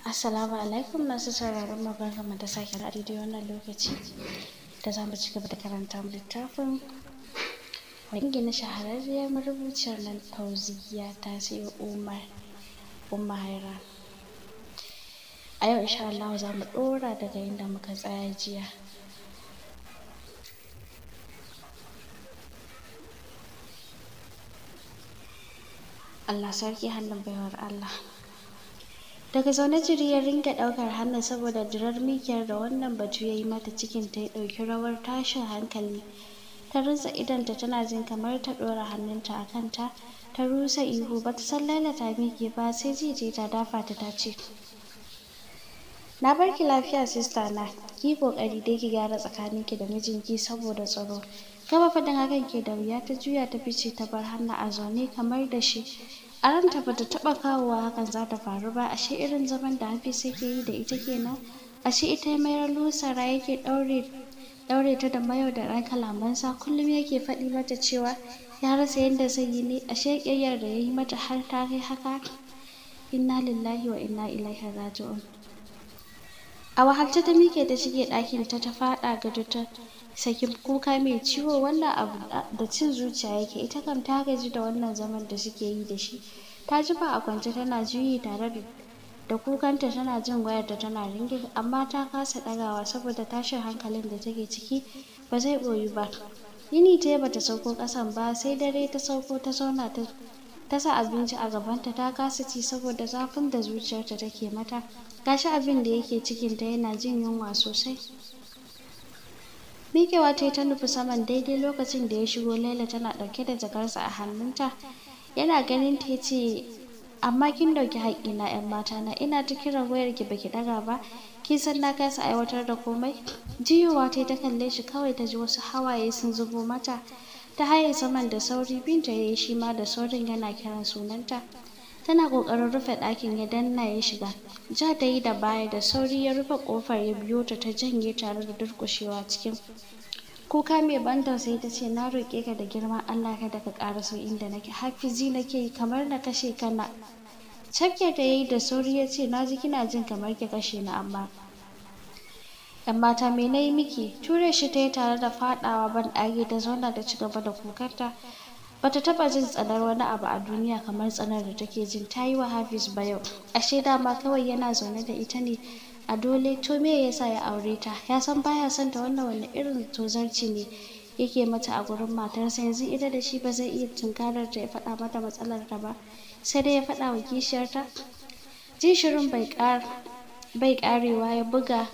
Assalamu alaikum masu sauraron mu da sake a da wannan lokaci da za mu ci gaba da karanta mu littafin Wangi na shahararriyar marubuciyar nan Fauziya ta sayo Umar Umaira A yau insha Allah za mu ɗora daga inda muka tsaya jiya Allah sarki hannun baiwar Allah daga zaune jiri ya ringa ɗaukar hannu saboda dirar mikiyar da wannan batu ya yi mata cikin ta ya ɗauki rawar tashin hankali ta rusa idonta tana jin kamar ta ɗora hannunta a kanta ta rusa ihu ba ta san lalata miki ba sai jije ta dafa ta ta ce na bar ki lafiya sista na ki kokari dai ki gyara tsakaninki da mijinki saboda tsaro gaba faɗin hakan ke da wuya ta juya ta fice ta bar hannu a zaune kamar da shi a ranta bata taba kawowa hakan za ta faru ba ashe irin zaman da hafiz ke yi da ita kenan ashe ita mayar lusara yake daure ta da mayau da ran kalamansa kullum yake faɗi mata cewa ya rasa yadda zai yi ne ashe ƙiyayyar da ya yi mata har ta kai haka inna lillahi wa inna ilaihi raji'un a wahalce ta mike ta shige ɗakin ta ta faɗa gado ta sakin kuka mai ciwo wannan abu da cin zuciya yake ita kam ta gaji da wannan zaman da suke yi da shi ta ji ba a kwance tana juyi tare da da kukanta tana jin wayar da tana ringin amma ta kasa ɗagawa saboda tashin hankalin da take ciki ba zai ɓoyu ba yini ta bata sauko ƙasan ba sai dare ta sauko ta zauna ta ta sa abinci a gabanta ta kasa ci saboda zafin da zuciyarta take mata gashi abin da yake cikinta yana jin yunwa sosai Mikewa ta yi ta nufi saman daidai lokacin da ya shigo Laila tana ɗauke da jakarsa a hannunta. Yana ganin ta ya ce, Amma kin ɗauki haƙƙina ‘yan mata na ina ta kiran wayarki baki ɗaga ba, kin san na kasa aiwatar da komai. Jiyowa ta yi ta kalle shi kawai ta ji wasu hawaye sun zubo mata. Ta haye saman da sauri binta ya yi shi ma da saurin yana kiran sunanta. tana ƙoƙarin rufe ɗakin ya danna ya shiga ja ta yi da baya da sauri ya rufe kofar ya biyo ta ta janye tare da durƙushewa cikin kuka mai ban tausayi ta ce na roƙe ka da girma, allah ka ka ƙara so inda nake hafizi nake kamar na kashe kana cafke ta yi da sauri ya ce na ji kina jin kamar ki kashe ni amma ‘yan mata me na yi miki ture shi ta yi tare da faɗawa ban ɗaki ta zauna da ci gaba da kukarta bata taba jin tsanar wani abu a duniya kamar tsanar da take jin ta yi wa hafiz ba yau ashe dama kawai yana zaune da ita ne a dole to me yasa ya aure ta ya san baya son ta wannan wani irin tozarci ne yake mata a gurin matarsa yanzu ita da shi ba zai iya tunkarar ta ya faɗa mata matsalar ta ba sai dai ya faɗa wa kishiyarta jin shirin bai ƙarewa ya buga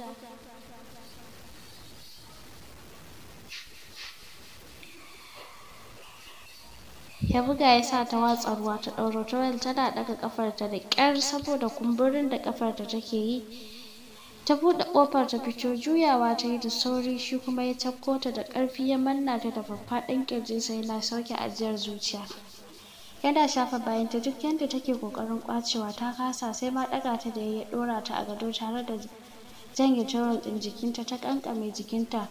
ya buga ya sa ta watsa ruwa ta ɗauro towel tana ɗaga ƙafarta da ƙyar saboda kumburin da ƙafar ta take yi ta buɗe ƙofar ta fito juyawa ta yi da sauri shi kuma ya tabko ta da ƙarfi ya manna ta da faffaɗan ƙirji sai na sauke ajiyar zuciya yana shafa bayanta duk yadda take ƙoƙarin ƙwacewa ta kasa sai ma ɗaga ta da ya ɗora ta a gado tare da janye ɗin jikinta ta ƙanƙame jikinta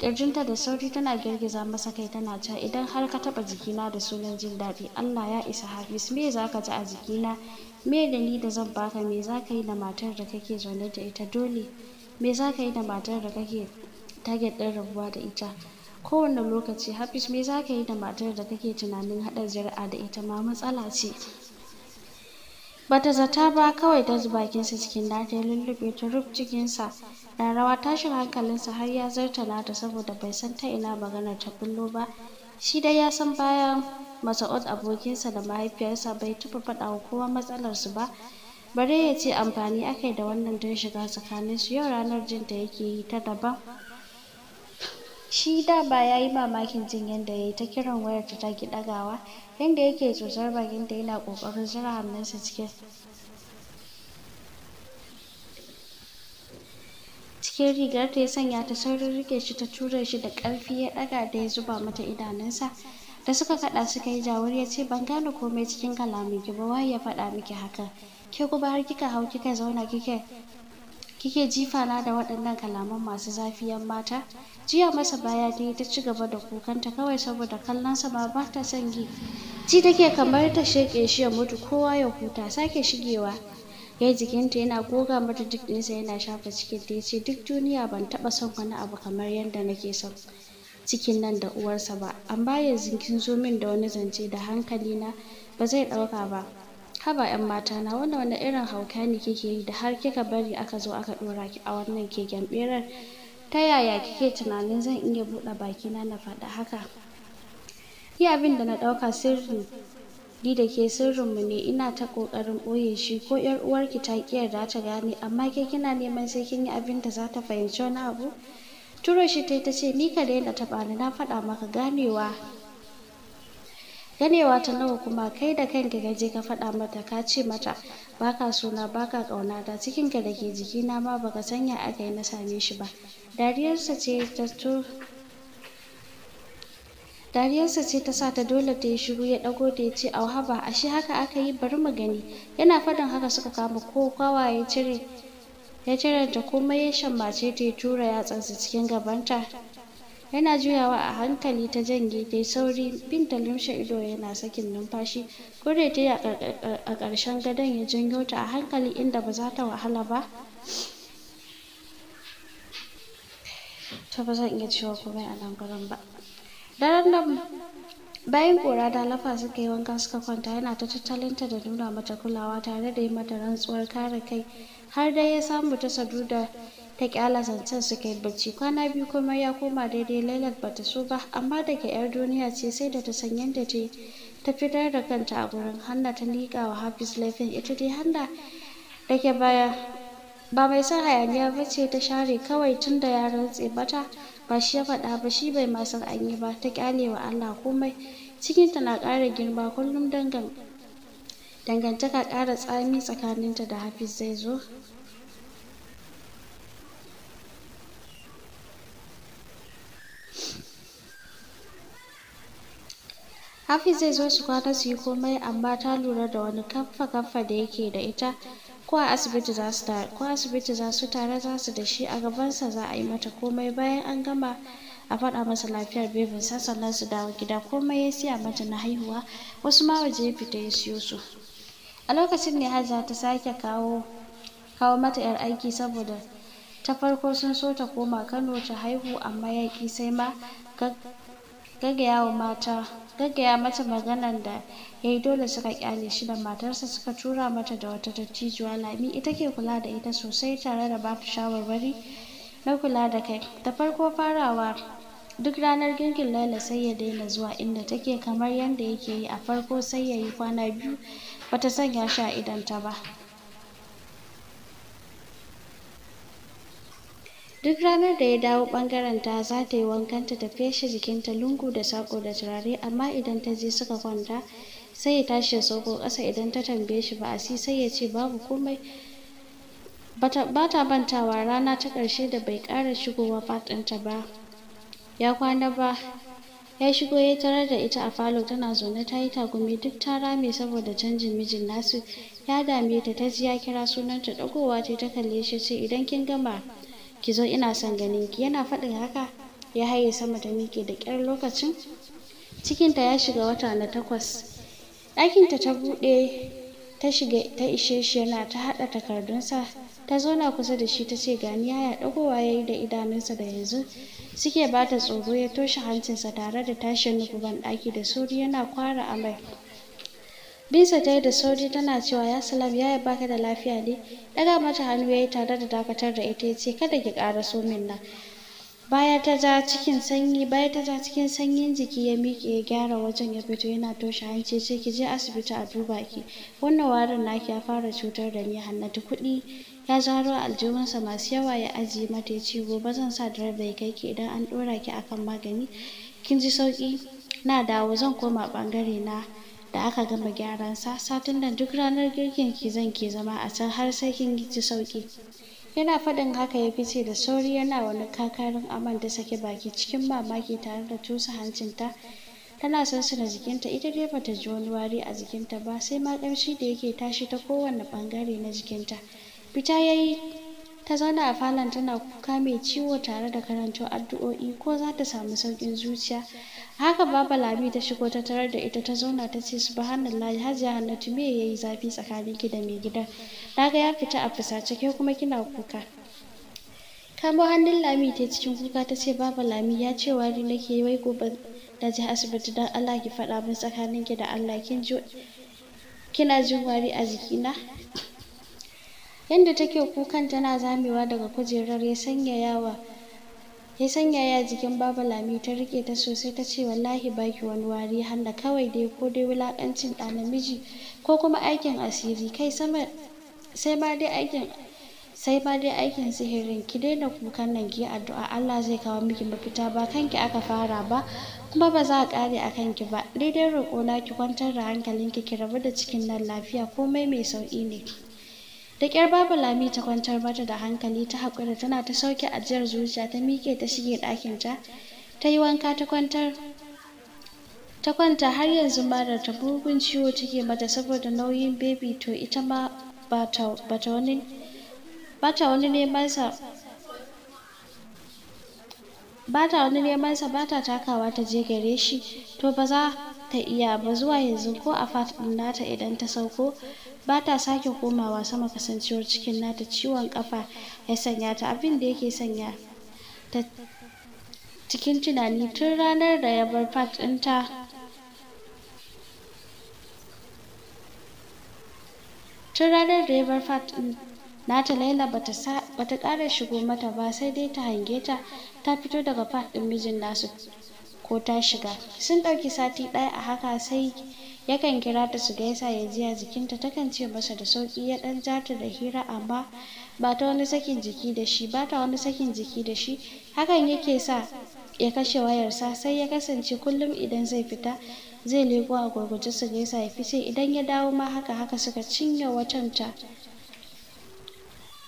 ƙirjinta da sauri tana girgiza masa kai tana ca idan har ka taɓa jikina da sunan jin daɗi allah ya isa hafiz me za ka ji a jikina me da ni da zan baka me za ka yi da matar da kake zaune da ita dole me za ka yi da matar da kake target ɗin rabuwa da ita kowane lokaci hafiz me za ka yi da matar da kake tunanin haɗa zuri'a da ita ma matsala ce bata zata ba kawai ta zuba sa cikin da ya lullube ta rub cikinsa na rawa tashin hankalinsa har ya zarta nata saboda bai san ta ina maganar ta kullo ba shi dai ya san bayan masa'ud abokinsa da mahaifiyarsa bai tufa faɗa wa kowa matsalarsu ba bare ya ce amfani akai da wannan don shiga tsakaninsu yau ranar jin da yake yi ta daban shi da ba ya yi mamakin jin yadda ya yi ta kiran wayar ta taki ɗagawa yadda yake tsotsar bakin ta yana ƙoƙarin zura hannunsa cikin cikin rigar ta ya sanya ta saurin rike shi ta tura shi da ƙarfi ya ɗaga da ya zuba mata idanunsa da suka kaɗa suka yi jawur ya ce ban gane komai cikin kalamin ki ba wai ya faɗa miki haka ke kuma har kika hau kika zauna kike kike jifana da waɗannan kalaman masu zafi mata jiya masa baya ne ta ci gaba da kukanta kawai saboda kallonsa ba ba ta son gi ji take kamar ta sheƙe shi ya mutu kowa ya huta sake shigewa ya yi jikinta yana goga mata duk ɗinsa yana shafa cikin ta ce duk duniya ban taɓa son wani abu kamar yadda nake son cikin nan da uwarsa ba amma yanzu kin zo min da wani zance da hankali na ba zai ɗauka ba haba ƴan na wannan wani irin hauka ne kike yi da har kika bari aka zo aka ɗora ki a wannan keken ɓerar ta yaya kike tunanin zan iya buɗe baki na na faɗa haka yi abin da na ɗauka sirri ni da ke sirrinmu ne ina ta ƙoƙarin ɓoye shi ko ƴar uwarki ta ƙi yarda ta gane amma ke kina neman sai kin yi abin da za ta fahimci wani abu turo shi ta ce ni ka daina taɓa ni na faɗa maka ganewa ganewa ta nawa kuma kai da kanka ka je ka faɗa mata ka ce mata baka suna baka ƙauna da cikin ka da ke jikina ma baka sanya aka yi na same shi ba dariyarsa ce ta to dariyarsa ce ta sa ta dole ta yi shiru ya ɗago da ya ce auhaba haba ashe haka aka yi bari mu gani yana faɗin haka suka kama ko kwawa ya cire ya cire ta komai ya shammace ta ya tura yatsansa cikin gabanta yana juyawa a hankali ta janye da sauri binta lumshe ido yana sakin numfashi kure ta a ƙarshen gadon ya janyo ta a hankali inda ba za ta wahala ba ta ba zan iya cewa komai a nan gurin ba daren nan bayan kora da lafa suka yi wanka suka kwanta yana ta tattalinta da nuna mata kulawa tare da yi mata rantsuwar kare kai har dai ya samu ta sadu da ta kyala zancen suka yi barci kwana biyu kuma ya koma daidai lailat bata so ba amma da ke yar duniya ce sai da ta san yadda ce ta fitar da kanta a gurin hanna ta liƙa wa hafiz laifin ita dai hanna da ke baya ba mai son hayaniya ba ce ta share kawai tun da ya rantse bata ba shi ya faɗa ba shi bai ma san an ba ta kyale wa allah komai cikinta na ƙara girma kullum dangan dangantaka ƙara tsami tsakaninta da hafiz zai zo Hafiz zai zo su kwana su yi komai amma ta lura da wani kamfa kamfa da yake da ita ko a asibiti za su tare ko asibiti za su tare za su da shi a gabansa za a yi mata komai bayan an gama a faɗa masa lafiyar bebin sa sannan su dawo gida komai ya siya mata na haihuwa wasu ma waje ya fita ya siyo su a lokacin ne hajja ta sake kawo kawo mata yar aiki saboda ta farko sun so ta koma kano ta haihu amma yaki sai ma gaggayawa mata gaggaya mata maganan da ya yi dole suka kyale shi da matarsa suka tura mata da wata dattijuwa lami ita ke kula da ita sosai tare da ba shawarwari na kula da kai da farko farawa duk ranar girkin laila sai ya daina zuwa inda take kamar yadda yake yi a farko sai ya yi kwana biyu bata sanya shi a idonta ba Duk ranar da ya dawo ɓangaren ta za ta yi wankan ta feshe shi ta lungu da sako da turare amma idan ta je suka kwanta sai ya tashi ya sauko ƙasa idan ta tambaye shi ba a si sai ya ce babu komai ba ta bantawa rana ta ƙarshe da bai ƙara shigowa faɗinta ba ya kwana ba ya shigo ya tarar da ita a falo tana zaune ta yi takumi duk ta rame saboda canjin mijin nasu ya dame ta ta ji ya kira sunanta dagowa ce ta kalle shi ce idan kin gama ki zo ina son ganin ki yana faɗin haka ya haye sama ta miƙe da ƙyar lokacin cikinta ya shiga wata na takwas ɗakinta ta buɗe ta shiga ta ishe shi yana ta haɗa takardunsa ta zauna kusa da shi ta ce gani ya ɗagowa ya yi da idanunsa da yanzu suke ba ta tsoro ya toshe hancinsa tare da tashin nufuban ɗaki da sauri yana kwara amai Bisa ta da sauri tana cewa ya salam ya baka da lafiya ne. Daga mata hannu yayi tare da dakatar da ita yace kada ki ƙara so min nan. Baya ta ja cikin sanyi, baya ta ja cikin sanyin jiki ya miƙe ya gyara wajen ya fito yana toshe hanci ce ki je asibiti a duba ki. Wannan warin naki ya fara cutar da ni Hannatu kuɗi ya zaro aljihunsa masu yawa ya ajiye mata ya ce gobe zan sa direba ya kai ki idan an ɗora ki akan magani kin ji sauki na dawo zan koma ɓangare na da aka gama gyaran sa satin nan duk ranar girkin ki zan ke zama a can har sai kin ji sauki yana faɗin haka ya fice da sauri yana wani kakarin aman da sake baki cikin mamaki tare da tusa hancinta tana suna jikinta ita dai bata ji wani wari a jikinta ba sai ma ƙamshi da yake tashi ta kowane ɓangare na jikinta fita yayi ta zauna a falon tana kuka mai ciwo tare da karantar addu'o'i ko za ta samu sauƙin zuciya haka baba lami ta shigo ta tarar da ita ta zauna ta ce subhanallahi hajiya hannatu me yayi zafi tsakaninki da mai gidan naga ya fita a fusace ke kuma kina kuka kamo hannun lami ta cikin kuka ta ce baba lami ya ce wari nake wai gobe na je asibiti don allah ki faɗa min tsakaninki da allah kin ji kina jin wari a jikina yadda take kukan tana zamewa daga kujerar ya sanyayawa ya sanyaya jikin babu lami ta rike ta sosai ta ce wallahi baki wani wari handa kawai dai ko dai wulakancin ɗa namiji ko kuma aikin asiri kai sama sai ma dai aikin sai ma dai aikin sihirin ki daina kukan nan ki addu'a Allah zai kawo miki mafita ba kanki aka fara ba kuma ba za a kare a kanki ba daidai roƙona ki kwantar da hankalinki ki rabu da cikin nan lafiya komai mai sauƙi ne da ƙyar babu lami ta kwantar mata da hankali ta haƙura tana ta sauke ajiyar zuciya ta miƙe ta shige ɗakinta ta yi wanka ta kwantar ta kwanta har yanzu marar ta bugun ciwo take mata saboda nauyin bebi to ita ma bata bata wani bata wani neman sa bata wani neman sa bata takawa ta je gare shi to ba za ta iya ba zuwa yanzu ko a fat ɗin nata idan ta sauko ba ta sake komawa sama kasancewar cikin nata ciwon kafa ya sanya ta abin da yake sanya ta cikin tunani tun ranar da ya bar fat ɗinta tun ranar da ya bar fat ɗin nata laila bata sa bata shigo mata ba sai dai ta hange ta ta fito daga fat ɗin mijin nasu ko ta shiga sun ɗauki sati ɗaya a haka sai yakan kira ta su gaisa ya ji a jikinta takan ce masa da sauƙi ya ɗan ja ta da hira amma ba ta wani sakin jiki da shi ba ta wani sakin jiki da shi hakan yake sa ya kashe wayarsa sai ya kasance kullum idan zai fita zai leko a gurguje su gaisa ya fice idan ya dawo ma haka haka suka cinye watanta.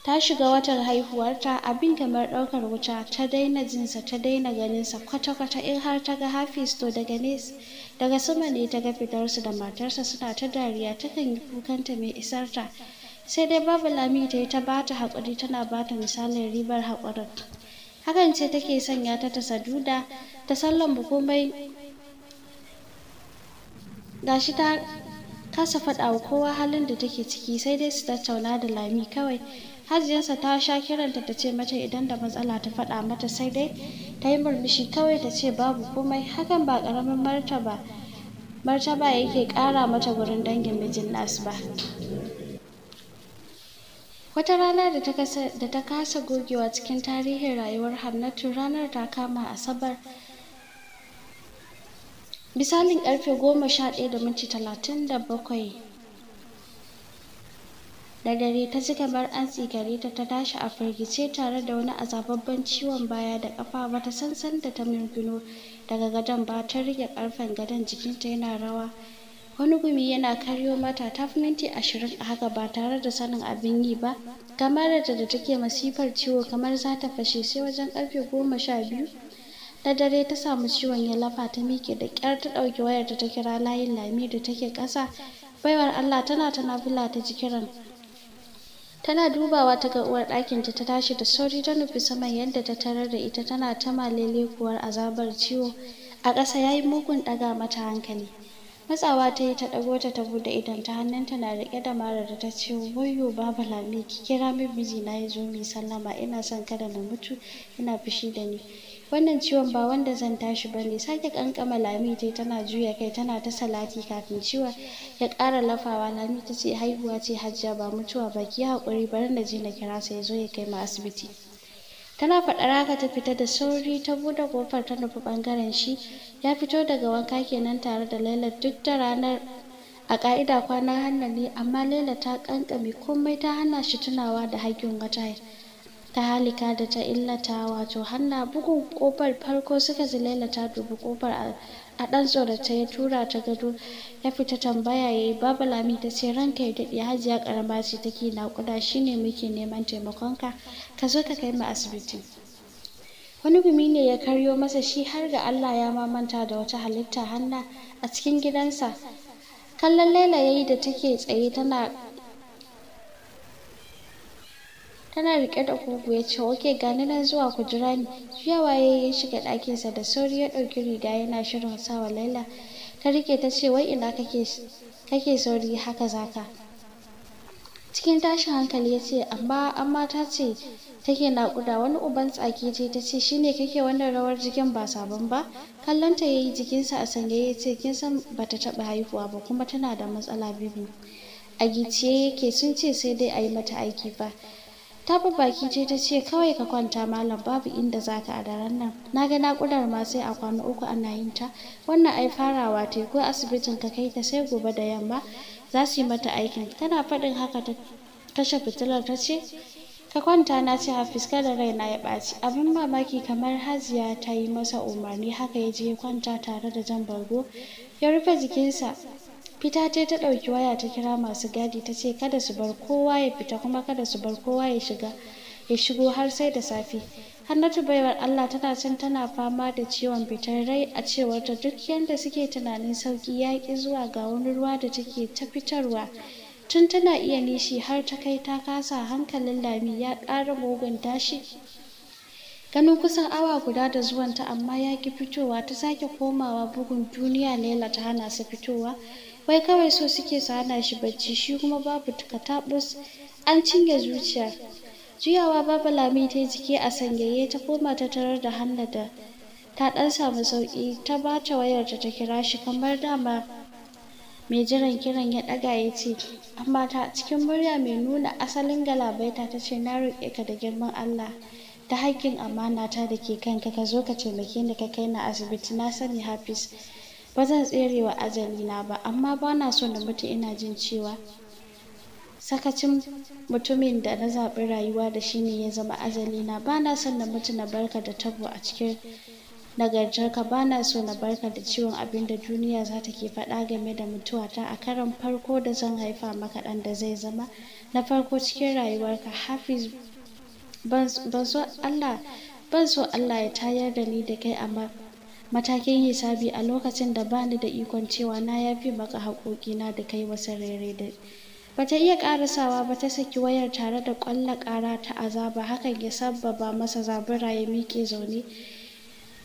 ta shiga watan haihuwarta abin kamar ɗaukar wuta ta daina jinsa ta daina ganinsa kwata-kwata in har ta ga hafiz to daga nes daga sama ne ta ga fitarsu da matarsa suna ta dariya ta kan yi kukanta mai isarta sai dai babu lami ta yi ta bata ta haƙuri tana bata misalin ribar haƙurin hakan ce take sanya ta ta saduda ta sallan komai gashi ta kasa faɗa kowa halin da take ciki sai dai su tattauna da lami kawai hajiyarsa ta sha kiranta ta ce mata idan da matsala ta faɗa mata sai dai ta yi murmushi kawai ta ce babu komai hakan ba ƙaramin martaba martaba yake ƙara mata gurin dangin mijin nasu ba wata rana da ta kasa gogewa cikin tarihin rayuwar hannatu ranar ta kama asabar misalin karfe goma sha ɗaya da minti talatin da bakwai da dare ta ji kamar an tsigare ta ta tashi a firgice tare da wani azababban ciwon baya da kafa bata san san da ta mirgino daga gadon ba ta rike karfen gadon jikinta yana rawa wani gumi yana karyo mata ta fi minti ashirin a haka ba tare da sanin abin yi ba kamar da da take masifar ciwo kamar za ta fashe sai wajen karfe goma sha biyu na dare ta samu ciwon ya lafa ta miƙe da ƙyar ta ɗauki wayar da ta kira layin lami da take ƙasa baiwar allah tana ta nafila ta ji kiran tana dubawa ta ga uwar ɗakinta ta tashi da sauri ta nufi saman yadda ta tarar da ita tana ta malele kuwar azabar ciwo a ƙasa ya yi mugun ɗaga mata hankali matsawa ta yi ta ɗago ta ta buɗe idan ta hannunta na riƙe da marar da ta ce wayo babu lami ki kira min mijina ya zo mu sallama ina son kada na mutu ina fushi da ni wannan ciwon ba wanda zan tashi ba ne sake kankama lami ta tana juya kai tana ta salati kafin ciwon ya ƙara lafawa lami ta ce haihuwa ce hajja ba mutuwa ba ki haƙuri bari na je na kira sai ya zo ya kai mu asibiti tana faɗar haka ta fita da sauri ta buɗe kofar ta nufi ɓangaren shi ya fito daga wanka kenan tare da laila duk da ranar a ƙa'ida kwanan hannu ne amma laila ta ƙanƙame komai ta hana shi tunawa da haƙƙin wata ta halika da ta illata wato hannu bugun kofar farko suka zilaila ta dubi kofar a ɗan tsorata ya tura ta gado ya fita tambaya ya yi babu lami ta ce ranka ya daɗe hajiya karama ce take naƙuda ne muke neman taimakonka ka zo ka kai mu asibiti wani gumi ne ya karyo masa shi har ga Allah ya mamanta da wata halitta hannu a cikin gidansa kallon laila ya yi da take tsaye tana tana riƙe da kugu ya ce oke gani nan zuwa ku jira ni ya ya shiga ɗakinsa da sauri ya ɗauki riga yana shirin sawa laila ta rike ta ce wai ina kake sauri haka zaka cikin tashin hankali ya ce amma amma ta ce take naƙuda wani uban tsaki ce ta ce shine kake wannan rawar jikin ba sabon ba kallonta ta yayi jikinsa a sanye ya ce kin san ba ta taɓa haihuwa ba kuma tana da matsala bibi a giciye yake sun ce sai dai a yi mata aiki fa tafi baki ce ta ce kawai ka kwanta malam babu inda za ka a daren nan na ga nakudar ma sai a kwana uku ana yin ta wannan ai farawa ta ko asibitin ka kai ta sai gobe da yamma za su yi mata aikin tana faɗin haka ta kashe fitilar ta ce ka kwanta na ce da rai na ya ɓaci abin mamaki kamar haziya ta yi masa umarni haka ya je kwanta tare da jan bargo ya rufe jikinsa fita ce ta ɗauki waya ta kira masu gadi ta ce kada su bar kowa ya fita kuma kada su bar kowa ya shiga ya shigo har sai da safe hannatu baiwar allah tana can tana fama da ciwon fitar rai a cewar ta duk yadda suke tunanin sauki ya ƙi zuwa ga wani ruwa da take ta fitarwa tun tana iya nishi har ta kai ta kasa hankalin lami ya ƙara mugun tashi ganin kusan awa guda da zuwanta amma ya ƙi fitowa ta sake komawa bugun duniya laila ta hana su fitowa wai kawai so suke su hana shi bacci shi kuma babu katabus an cinye zuciya juyawa babu lami ta yi jiki a sanyaye ta koma ta tarar da hannu da ta dan samu sauki ta bata wayar ta kira shi kamar dama mai jiran kiran ya daga ya ce amma ta cikin murya mai nuna asalin galabaita ta ce na roƙe ka da girman Allah ta haƙƙin amana ta da ke kanka ka zo ka taimake ni ka kai na asibiti na sani hafiz ba zan tsere wa tserewa na ba amma ba na so na mutu ina jin cewa sakacin mutumin da na zaɓi rayuwa da shi ne ya zama na ba na son na mutu na barka da tabo a cikin nagartarka ba na so na barka da ciwon abin da duniya za ta ke faɗa game da mutuwa ta a karan farko da zan haifa maka ɗan da zai zama na farko cikin rayuwarka hafiz ban so Allah ban so Allah ya tayar da ni da kai amma matakin hisabi a lokacin da bani da ikon cewa na yafi maka haƙoƙi na da kai wasa rere da Ba ta iya ƙarasawa ba ta saki wayar tare da ƙwalla ƙara ta azaba hakan ya sabbaba masa zabura ya miƙe zaune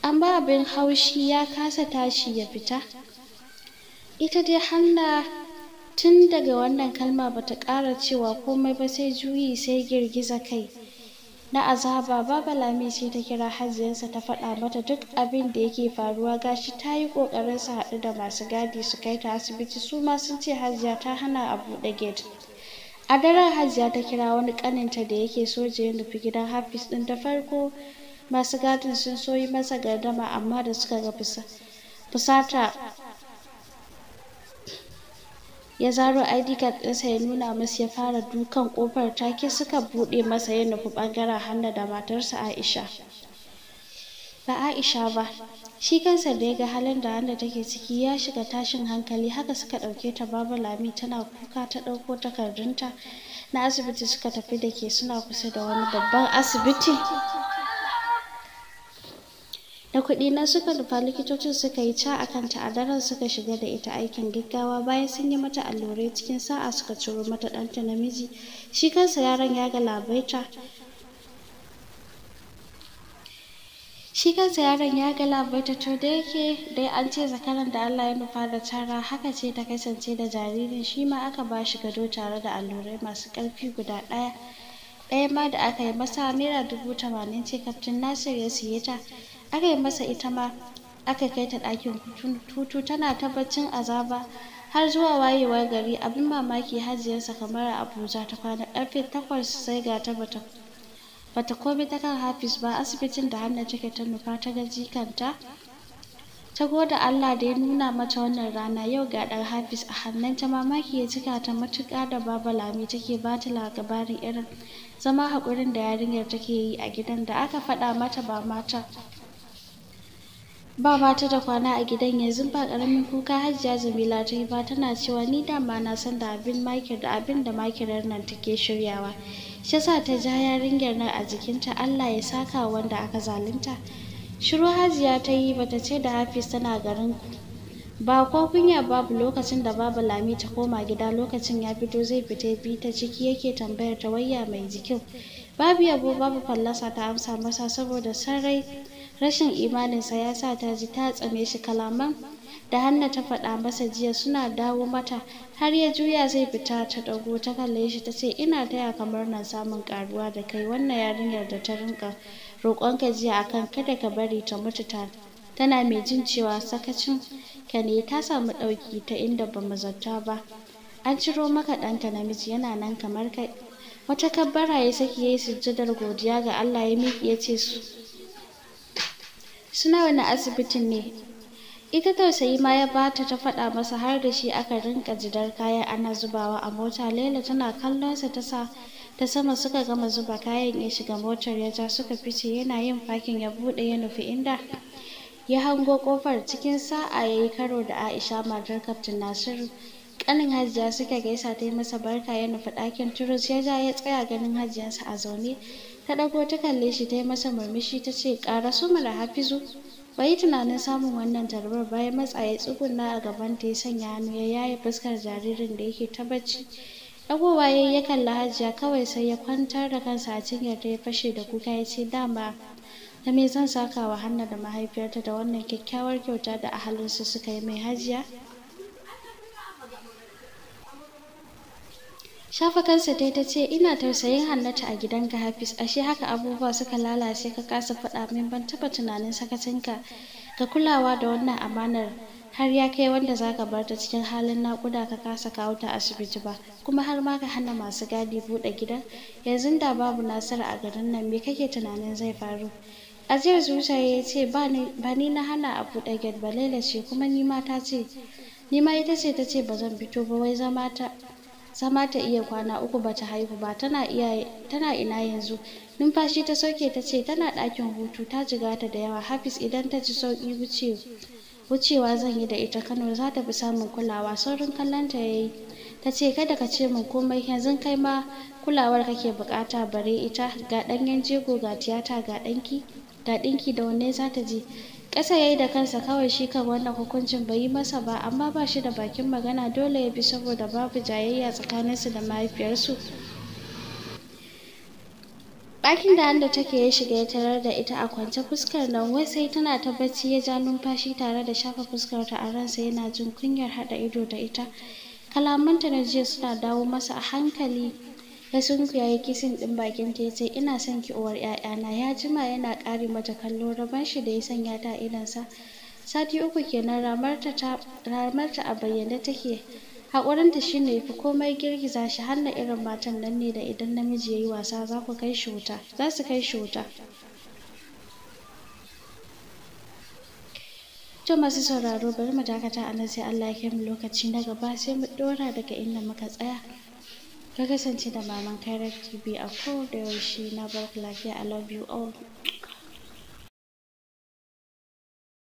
amma abin haushi ya kasa tashi ya fita ita dai hanna tun daga wannan kalma ta ƙara cewa komai ba sai juyi sai girgiza kai na azaba baba lami ce ta kira hajiyarsa ta faɗa mata duk abin da yake faruwa gashi ta yi ƙoƙarin su haɗu da masu gadi su kai ta asibiti su ma sun ce hajiya ta hana a buɗe gate a daren hajiya ta kira wani ƙaninta da yake soja ya nufi gidan hafiz ɗin da farko masu gadin sun so yi masa gardama amma da suka ga fusata ya zaro ID card ɗinsa ya nuna musu ya fara dukan ƙofar take suka buɗe masa ya nufi ɓangaren Hanna da matarsa Aisha. Ba Aisha ba, shi kansa da ya ga halin da Hanna take ciki ya shiga tashin hankali haka suka ɗauke ta babu lami tana kuka ta ɗauko takardunta na asibiti suka tafi da ke suna kusa da wani babban asibiti. da kuɗi na suka nufa likitocin suka yi ca a kanta a daren suka shiga da ita aikin gaggawa bayan sun yi mata allurai cikin sa'a suka ciro mata ɗanta namiji shi kansa yaron ya labaita shi kansa yaron ya labaita to da yake dai an ce zakaran da Allah ya nufa da tara haka ce ta kasance da jaririn shi ma aka ba shi gado tare da allurai masu ƙarfi guda ɗaya ɗaya ma da aka yi masa naira dubu tamanin ce kaftin nasir ya siye ta aka masa ita ma aka kai ta ɗakin tutu tana ta baccin azaba har zuwa wayewar gari abin mamaki hajiyarsa kamar abuja ta kwana ƙarfe takwas sai ga ta bata bata komai ta kan hafiz ba asibitin da hannun take ta nufa ta ga jikanta ta gode Allah da ya nuna mata wannan rana yau ga ɗan Hafiz a hannun ta mamaki ya cika ta matuƙa da Baba Lami take ba ta labarin irin zama haƙurin da yarinyar take yi a gidan da aka faɗa mata ba mata ba ba ta da kwana a gidan yanzu ba ƙaramin kuka hajiya jamila ta yi ba tana cewa ni dama na san da abin da makirar nan take shiryawa shi sa ta ja yarinyar nan a jikinta allah ya saka wanda aka zalunta shiru hajiya ta yi ba ta ce da hafiz tana garin ku. ba ko kunya babu lokacin da babu lami ta koma gida lokacin ya fito zai fita bi ta ciki yake tambayar ta wayya mai jikin babu yabo babu fallasa ta amsa masa saboda sarai rashin imaninsa ya sa ta ji ta tsame shi kalaman da hannu ta faɗa masa jiya suna dawo mata har ya juya zai fita ta ɗago ta kalle shi ta ce ina taya kamar na samun ƙaruwa da kai wannan yarinyar da ta rinka roƙonka jiya akan kada ka bari ta mutu ta tana mai jin cewa sakacin ka ne ta samu ɗauki ta inda ba mu zata ba an ciro maka ɗanka namiji yana nan kamar kai wata kabbara ya saki ya yi sujjadar godiya ga Allah ya miƙe ya ce suna wani asibitin ne ita tausayi ma ya bata ta faɗa masa har da shi aka rinka jidar kayan ana zubawa a mota laila tana kallonsa ta sa ta sama suka gama zuba kayan ya shiga motar ya ja suka fice yana yin fakin ya buɗe ya nufi inda ya hango kofar cikin sa'a ya yi karo da aisha matar kaftin nasiru kanin hajiya suka gaisa ta yi masa barka ya nufi ɗakin turus ya ja ya tsaya ganin hajiyarsa a zaune ta ɗago ta kalle shi ta yi masa murmushi ta ce ƙara su mara hafizu bai tunanin samun wannan tarbar bayan matsa ya tsuguna a gaban ta ya sanya hannu ya yaye fuskar jaririn da yake ta bacci ɗagowa ya ya kalli hajiya kawai sai ya kwantar da kansa a cinyar ta ya fashe da kuka ya ce dama ta me zan saka wa hanna da mahaifiyarta da wannan kyakkyawar kyauta da ahalinsu suka yi mai hajiya shafa kansa dai ta ce ina tausayin hannata a gidan ga hafiz ashe haka abubuwa suka lalace ka kasa faɗa min ban taba tunanin sakacinka ka kulawa da wannan amanar har ya kai wanda za ka bar ta cikin halin naƙuda ka kasa kawo ta asibiti ba kuma har ma ka hana masu gadi buɗe gidan yanzu da babu nasara a garin nan me kake tunanin zai faru ajiyar zuciya ya ce ba ni na hana a buɗe gate ba laila kuma ni ma ta ce ni ma ita ce ta ce ba zan fito ba wai zama ta sama ta iya kwana uku bata haihu ba tana iya tana ina yanzu numfashi ta sauke ta ce tana ɗakin hutu ta jigata da yawa hafiz idan ta ji sauki wuce wucewa zan yi da ita kano za ta fi samun kulawa saurin kallonta ya yi ta ce kada ka ce min komai yanzu kai ma kulawar kake bukata bare ita ga ɗanyen jego ga tiyata ga ɗanki ga ɗinki da wanne za ta je ƙasa ya yi da kansa kawai shi kan wannan hukuncin bai yi masa ba amma ba shi da bakin magana dole ya bi saboda babu jayayya tsakaninsu da mahaifiyarsu ɗakin da anda take ya shiga ya tarar da ita a kwance fuskar nan wai sai tana ta bacci ya ja numfashi tare da shafa fuskar ta a ransa yana jin kunyar haɗa ido da ita kalamanta na jiya suna dawo masa a hankali ya sunkuya ya kisin ɗin bakin ta ce ina son ki uwar ya jima yana ƙari mata kallo raban shi da ya sanya ta idansa sati uku kenan ramarta ta ramarta a bayyane take ta shine yafi komai girgiza shi har na irin matan nan ne da idan namiji yayi wasa za kai shi wuta za kai shi wuta To masu sauraro bari mu dakata a nan sai Allah ya kai mu lokaci na gaba sai mu ɗora daga inda muka tsaya. ka kasance da maman Kairat TV a koda yaushe na barku lafiya I love you all